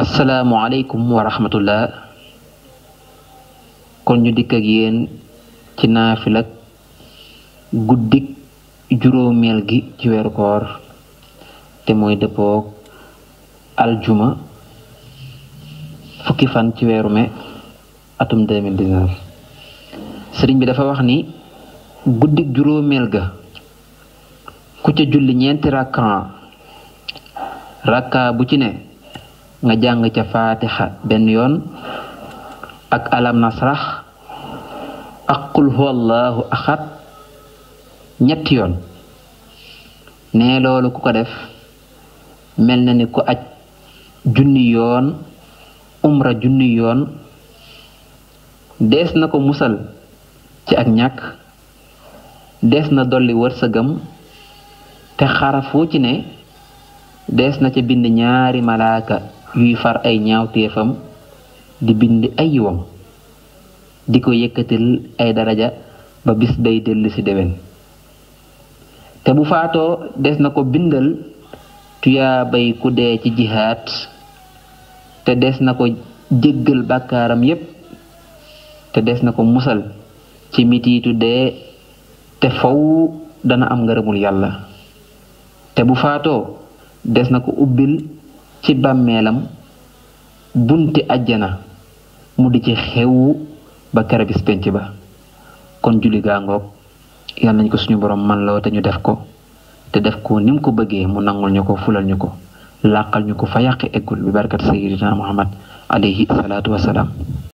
Assalamualaikum wa rahmatullah kon ñu dik ak yeen ci naafilak guddik juromel gi ci koor te moy aljuma fukki fan ci weeru me atum 2019 sëriñ bi dafa wax ni guddik juromel ga ku ca julli ñent rakka rakka bu ci ne nga jàng ca faatixa benn yoon ak alam nasrax ak qul huwallahu axad ñetti yoon ne loolu ku ko def mel na ni ku aj junni yoon umra junni yoon des na ko musal ci ak ñàkk des na dolli wërsëgam te xarafu ci ne dees na ci bind ñaari malaaka yuy far ay ñaawteefam di bind ay yiwam di ko yëkkatil ay daraja ba bis day dellu ci te bu faatoo des na ko bindal tuyaa bay ku dee ci jixaat te des na ko jéggal bàkkaaram yépp te des na ko musal ci mititu dee te fow dana am ngërëmul yàlla te bu faatoo des na ko ubbil ci bàmmeelam bunti ajjana mu di ci xewu ba kera bis penc ba kon julli gaa ngoog yal nañ ko suñu borom man loo te ñu def ko te def ko ni mu ko bëggee mu nangul ñu ko fulal ñu ko làqal ñu ko fa yàq eggul bi barkat sayyidina muhammad alayhi salaatu wasalaam